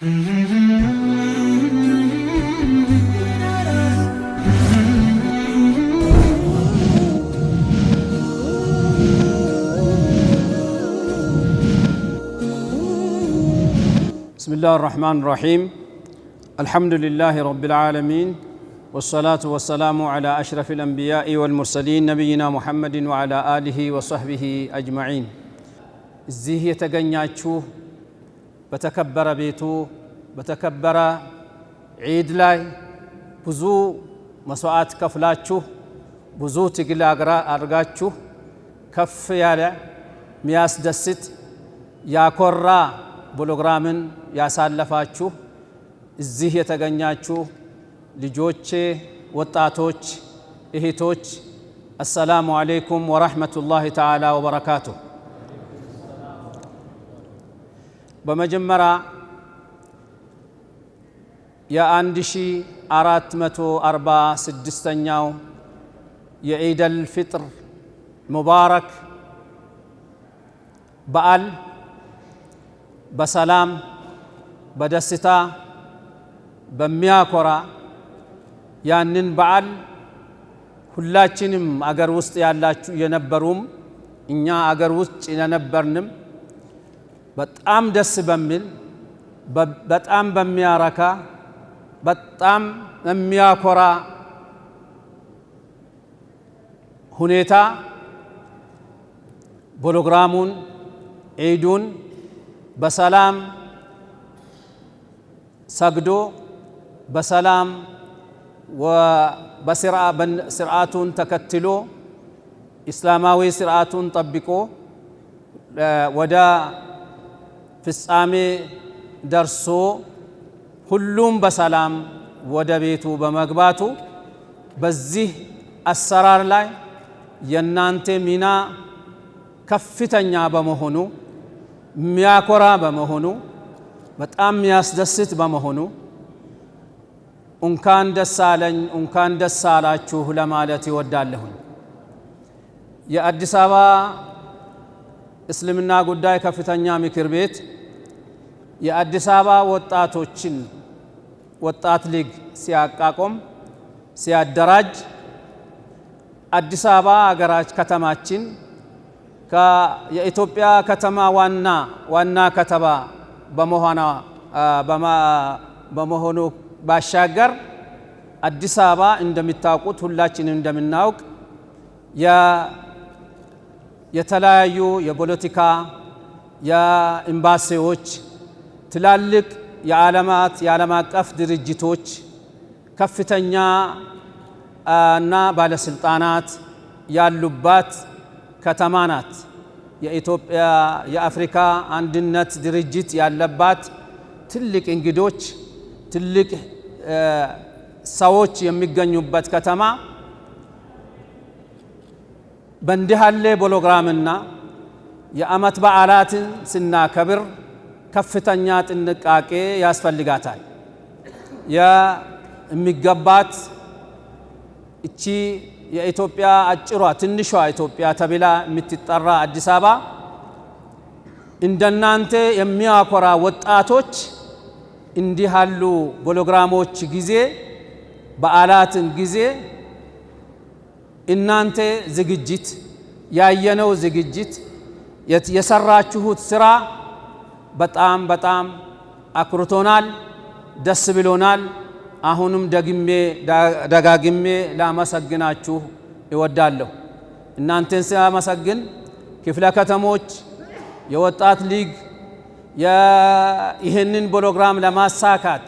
بسم الله الرحمن الرحيم الحمد لله رب العالمين والصلاة والسلام على أشرف الأنبياء والمرسلين نبينا محمد وعلى آله وصحبه أجمعين زيه የተገኛችሁ በተከበረ ቤቱ በተከበረ ዒድ ላይ ብዙ መስዋዕት ከፍላችሁ ብዙ ትግል አግራ አድርጋችሁ ከፍ ያለ ሚያስደስት ያኮራ ፕሮግራምን ያሳለፋችሁ እዚህ የተገኛችሁ ልጆቼ፣ ወጣቶች፣ እህቶች አሰላሙ አለይኩም ወረሕመቱላሂ ተዓላ ወበረካቱሁ። በመጀመሪያ የ1446ኛው የዒደል ፊጥር ሙባረክ በዓል በሰላም በደስታ በሚያኮራ ያንን በዓል ሁላችንም አገር ውስጥ ያላችሁ የነበሩም እኛ አገር ውስጥ የነበርንም በጣም ደስ በሚል በጣም በሚያረካ በጣም በሚያኮራ ሁኔታ ፕሮግራሙን ዒዱን በሰላም ሰግዶ በሰላም ስርዓቱን ተከትሎ እስላማዊ ስርዓቱን ጠብቆ ወደ ፍጻሜ ደርሶ ሁሉም በሰላም ወደ ቤቱ በመግባቱ በዚህ አሰራር ላይ የእናንተ ሚና ከፍተኛ በመሆኑ የሚያኮራ በመሆኑ በጣም የሚያስደስት በመሆኑ እንኳን ደስ አለኝ እንኳን ደስ አላችሁ ለማለት ይወዳለሁኝ። የአዲስ አበባ እስልምና ጉዳይ ከፍተኛ ምክር ቤት የአዲስ አበባ ወጣቶችን ወጣት ሊግ ሲያቋቁም ሲያደራጅ አዲስ አበባ አገራች ከተማችን የኢትዮጵያ ከተማ ዋና ዋና ከተማ በመሆኗ በመሆኑ ባሻገር አዲስ አበባ እንደሚታወቁት ሁላችን እንደምናውቅ የተለያዩ የፖለቲካ የኤምባሲዎች፣ ትላልቅ የዓለማት የዓለም አቀፍ ድርጅቶች ከፍተኛ እና ባለስልጣናት ያሉባት ከተማ ናት። የኢትዮጵያ የአፍሪካ አንድነት ድርጅት ያለባት ትልቅ እንግዶች፣ ትልቅ ሰዎች የሚገኙበት ከተማ በእንዲህ ያለ ፕሮግራምና የዓመት በዓላትን ስናከብር ከፍተኛ ጥንቃቄ ያስፈልጋታል። የሚገባት እቺ የኢትዮጵያ አጭሯ ትንሿ ኢትዮጵያ ተብላ የምትጠራ አዲስ አበባ እንደናንተ የሚያኮራ ወጣቶች እንዲህ ያሉ ፕሮግራሞች ጊዜ በዓላትን ጊዜ እናንተ ዝግጅት ያየነው ዝግጅት የሰራችሁት ስራ በጣም በጣም አኩርቶናል፣ ደስ ብሎናል። አሁንም ደግሜ ደጋግሜ ላመሰግናችሁ እወዳለሁ። እናንተን ሲያመሰግን ክፍለ ከተሞች የወጣት ሊግ ይህንን ፕሮግራም ለማሳካት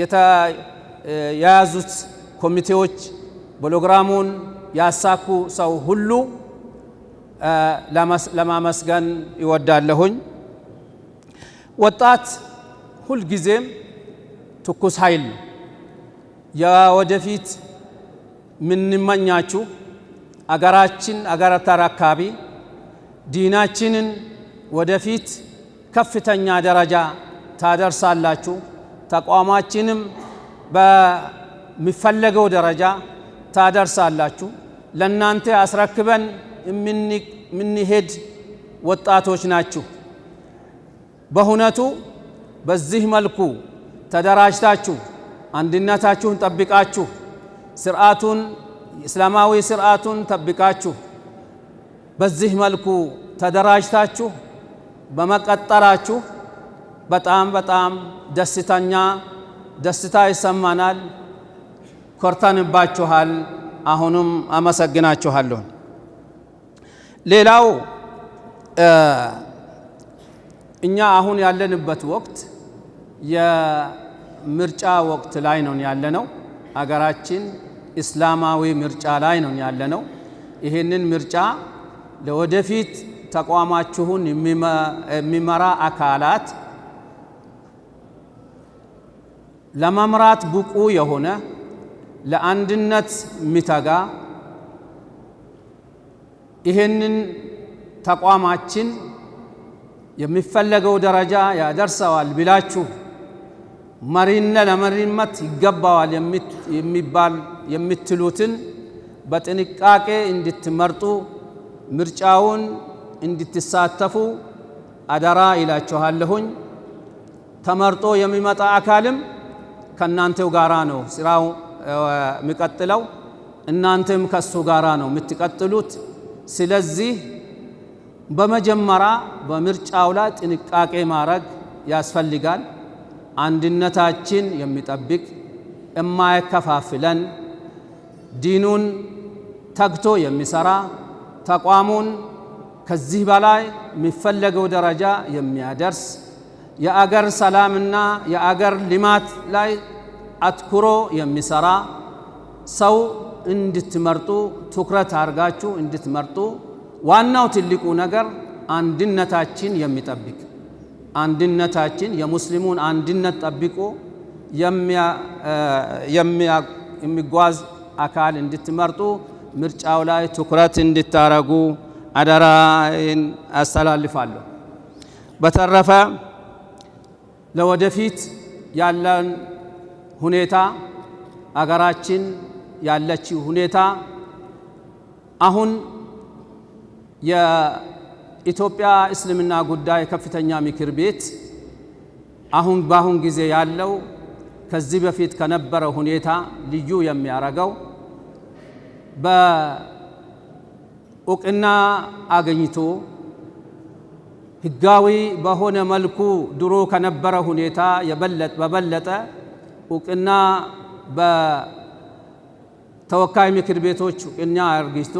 የያዙት ኮሚቴዎች ፕሮግራሙን ያሳኩ ሰው ሁሉ ለማመስገን ይወዳለሁኝ። ወጣት ሁልጊዜም ትኩስ ኃይል ነው። የወደፊት ምንመኛችሁ አገራችን አገር ተረካቢ ዲናችንን ወደፊት ከፍተኛ ደረጃ ታደርሳላችሁ፣ ተቋማችንም በሚፈለገው ደረጃ ታደርሳላችሁ። ለእናንተ አስረክበን የምንሄድ ወጣቶች ናችሁ። በእውነቱ በዚህ መልኩ ተደራጅታችሁ አንድነታችሁን ጠብቃችሁ ስርዓቱን እስላማዊ ስርዓቱን ጠብቃችሁ በዚህ መልኩ ተደራጅታችሁ በመቀጠራችሁ በጣም በጣም ደስተኛ ደስታ ይሰማናል። ኮርተንባችኋል። አሁንም አመሰግናችኋለሁ። ሌላው እኛ አሁን ያለንበት ወቅት የምርጫ ወቅት ላይ ነው ያለነው። አገራችን እስላማዊ ምርጫ ላይ ነው ያለነው። ይህንን ምርጫ ለወደፊት ተቋማችሁን የሚመራ አካላት ለመምራት ብቁ የሆነ ለአንድነት ሚተጋ ይህንን ተቋማችን የሚፈለገው ደረጃ ያደርሰዋል ብላችሁ መሪነ ለመሪነት ይገባዋል የሚባል የምትሉትን በጥንቃቄ እንድትመርጡ ምርጫውን እንድትሳተፉ አደራ ይላችኋለሁኝ። ተመርጦ የሚመጣ አካልም ከእናንተው ጋራ ነው ስራው የሚቀጥለው እናንተም ከሱ ጋራ ነው የምትቀጥሉት። ስለዚህ በመጀመሪያ በምርጫው ላይ ጥንቃቄ ማድረግ ያስፈልጋል። አንድነታችን የሚጠብቅ የማይከፋፍለን ዲኑን ተግቶ የሚሰራ ተቋሙን ከዚህ በላይ የሚፈለገው ደረጃ የሚያደርስ የአገር ሰላምና የአገር ልማት ላይ አትኩሮ የሚሰራ ሰው እንድትመርጡ ትኩረት አድርጋችሁ እንድትመርጡ ዋናው ትልቁ ነገር አንድነታችን የሚጠብቅ አንድነታችን የሙስሊሙን አንድነት ጠብቆ የሚጓዝ አካል እንድትመርጡ ምርጫው ላይ ትኩረት እንድታረጉ አደራዬን አስተላልፋለሁ። በተረፈ ለወደፊት ያለን ሁኔታ አገራችን ያለችው ሁኔታ አሁን የኢትዮጵያ እስልምና ጉዳይ ከፍተኛ ምክር ቤት አሁን በአሁን ጊዜ ያለው ከዚህ በፊት ከነበረ ሁኔታ ልዩ የሚያረገው በእውቅና አገኝቶ ህጋዊ በሆነ መልኩ ድሮ ከነበረ ሁኔታ በበለጠ እውቅና በተወካይ ምክር ቤቶች እውቅና አርግስቶ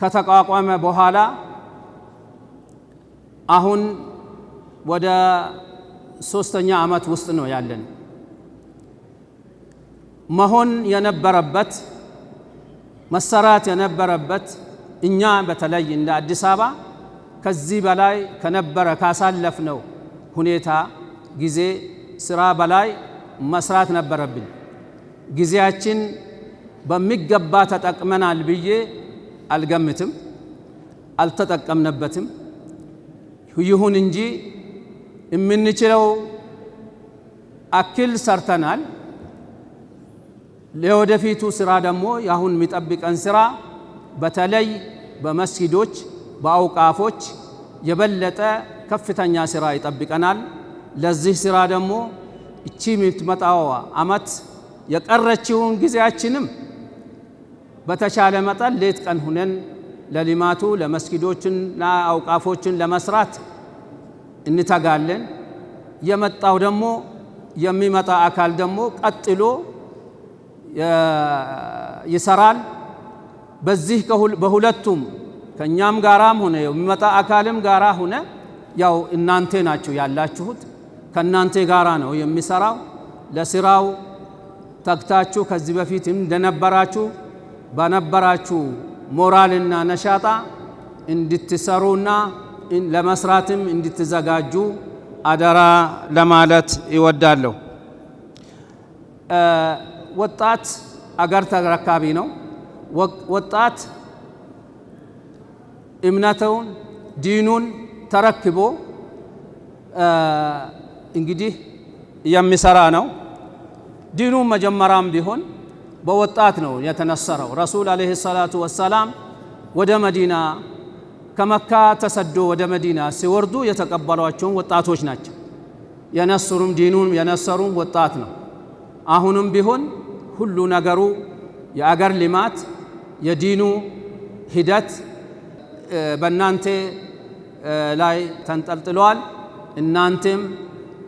ከተቋቋመ በኋላ አሁን ወደ ሶስተኛ ዓመት ውስጥ ነው ያለን። መሆን የነበረበት መሰራት የነበረበት እኛ በተለይ እንደ አዲስ አበባ ከዚህ በላይ ከነበረ ካሳለፍነው ሁኔታ ጊዜ ስራ በላይ መስራት ነበረብኝ። ጊዜያችን በሚገባ ተጠቅመናል ብዬ አልገምትም፣ አልተጠቀምነበትም። ይሁን እንጂ የምንችለው አክል ሰርተናል። ለወደፊቱ ስራ ደግሞ የአሁን የሚጠብቀን ስራ በተለይ በመስጊዶች በአውቃፎች የበለጠ ከፍተኛ ስራ ይጠብቀናል። ለዚህ ስራ ደግሞ እቺ የምትመጣው አመት የቀረችውን ጊዜያችንም በተቻለ መጠን ሌት ቀን ሁነን ለልማቱ ለመስጊዶችንና አውቃፎችን ለመስራት እንተጋለን። የመጣው ደግሞ የሚመጣ አካል ደግሞ ቀጥሎ ይሰራል። በዚህ በሁለቱም ከእኛም ጋራም ሆነ የሚመጣ አካልም ጋራ ሆነ ያው እናንተ ናችሁ ያላችሁት። ከእናንተ ጋራ ነው የሚሰራው። ለስራው ተግታችሁ ከዚህ በፊት እንደነበራችሁ በነበራችሁ ሞራልና ነሻጣ እንድትሰሩና ለመስራትም እንድትዘጋጁ አደራ ለማለት ይወዳለሁ። ወጣት አገር ተረካቢ ነው። ወጣት እምነቱን ዲኑን ተረክቦ እንግዲህ የሚሰራ ነው። ዲኑ መጀመሪያም ቢሆን በወጣት ነው የተነሰረው። ረሱል ዓለይሂ ሰላቱ ወሰላም ወደ መዲና ከመካ ተሰዶ ወደ መዲና ሲወርዱ የተቀበሏቸውን ወጣቶች ናቸው። የነሱሩም ዲኑን የነሰሩም ወጣት ነው። አሁንም ቢሆን ሁሉ ነገሩ የአገር ልማት፣ የዲኑ ሂደት በእናንተ ላይ ተንጠልጥሏል። እናንተም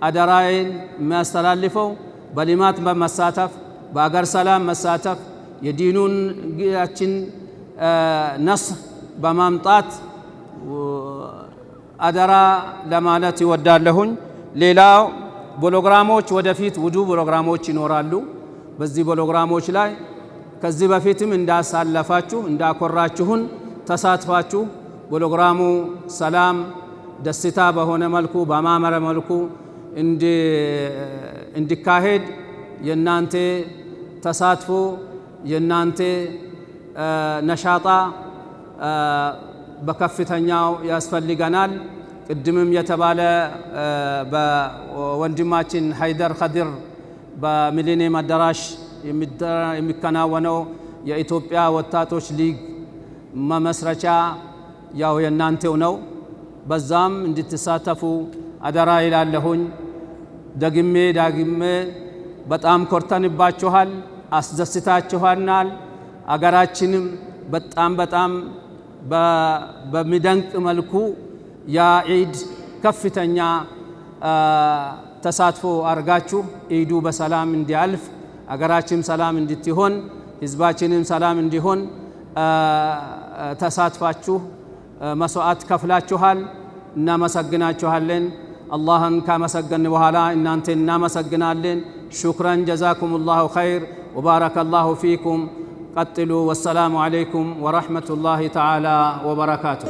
አደራዬን የሚያስተላልፈው በልማት በመሳተፍ በአገር ሰላም መሳተፍ የዲኑን ጊያችን ነስህ በማምጣት አደራ ለማለት ይወዳለሁኝ። ሌላው ፕሮግራሞች ወደፊት ውዱ ፕሮግራሞች ይኖራሉ። በዚህ ፕሮግራሞች ላይ ከዚህ በፊትም እንዳሳለፋችሁ እንዳኮራችሁን ተሳትፋችሁ ፕሮግራሙ ሰላም ደስታ በሆነ መልኩ በማመረ መልኩ እንዲካሄድ የእናንተ ተሳትፎ የእናንተ ነሻጣ በከፍተኛው ያስፈልገናል። ቅድምም የተባለ በወንድማችን ሀይደር ከድር በሚሊኒየም አዳራሽ የሚከናወነው የኢትዮጵያ ወጣቶች ሊግ መመስረቻ ያው የእናንተው ነው። በዛም እንድትሳተፉ አደራ ይላለሁኝ። ደግሜ ዳግሜ በጣም ኮርተንባችኋል፣ አስደስታችኋናል። አገራችንም በጣም በጣም በሚደንቅ መልኩ ያ ዒድ ከፍተኛ ተሳትፎ አድርጋችሁ ዒዱ በሰላም እንዲያልፍ አገራችን ሰላም እንድትሆን ህዝባችንም ሰላም እንዲሆን ተሳትፋችሁ መስዋዕት ከፍላችኋል። እናመሰግናችኋለን። አላህን ካመሰገን በኋላ እናንተ እናመሰግናለን። ሹክራን ጀዛኩም ላሁ ኸይር ወባረከ ላሁ ፊኩም ቀጥሉ። ወሰላሙ ዓለይኩም ወረሕመቱላሂ ተዓላ ወበረካቱ።